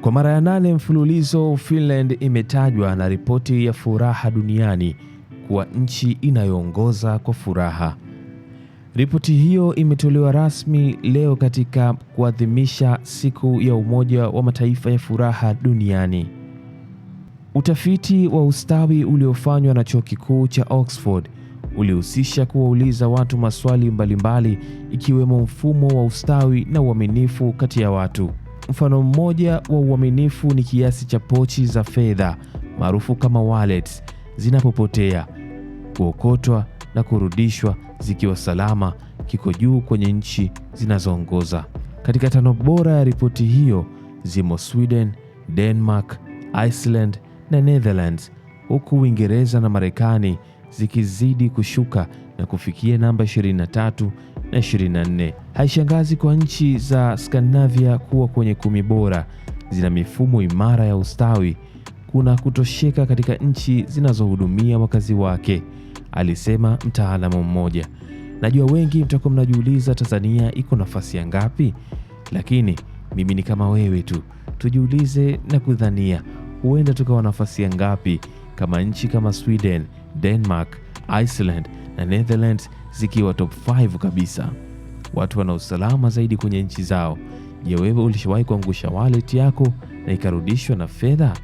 Kwa mara ya nane mfululizo, Finland imetajwa na ripoti ya furaha duniani kuwa nchi inayoongoza kwa furaha. Ripoti hiyo imetolewa rasmi leo katika kuadhimisha siku ya Umoja wa Mataifa ya furaha duniani. Utafiti wa ustawi uliofanywa na Chuo Kikuu cha Oxford ulihusisha kuwauliza watu maswali mbalimbali ikiwemo mfumo wa ustawi na uaminifu kati ya watu. Mfano mmoja wa uaminifu ni kiasi cha pochi za fedha maarufu kama wallets zinapopotea, kuokotwa na kurudishwa zikiwa salama kiko juu kwenye nchi zinazoongoza. Katika tano bora ya ripoti hiyo zimo Sweden, Denmark, Iceland na Netherlands, huku Uingereza na Marekani zikizidi kushuka na kufikia namba 2024. Haishangazi kwa nchi za Skandinavia kuwa kwenye kumi bora, zina mifumo imara ya ustawi. Kuna kutosheka katika nchi zinazohudumia wakazi wake, alisema mtaalamu mmoja. Najua wengi mtakuwa mnajiuliza Tanzania iko nafasi ya ngapi, lakini mimi ni kama wewe tu, tujiulize na kudhania huenda tukawa nafasi ya ngapi kama nchi kama Sweden, Denmark, Iceland na Netherlands zikiwa top 5 kabisa, watu wana usalama zaidi kwenye nchi zao. Je, wewe ulishawahi kuangusha wallet yako na ikarudishwa na fedha?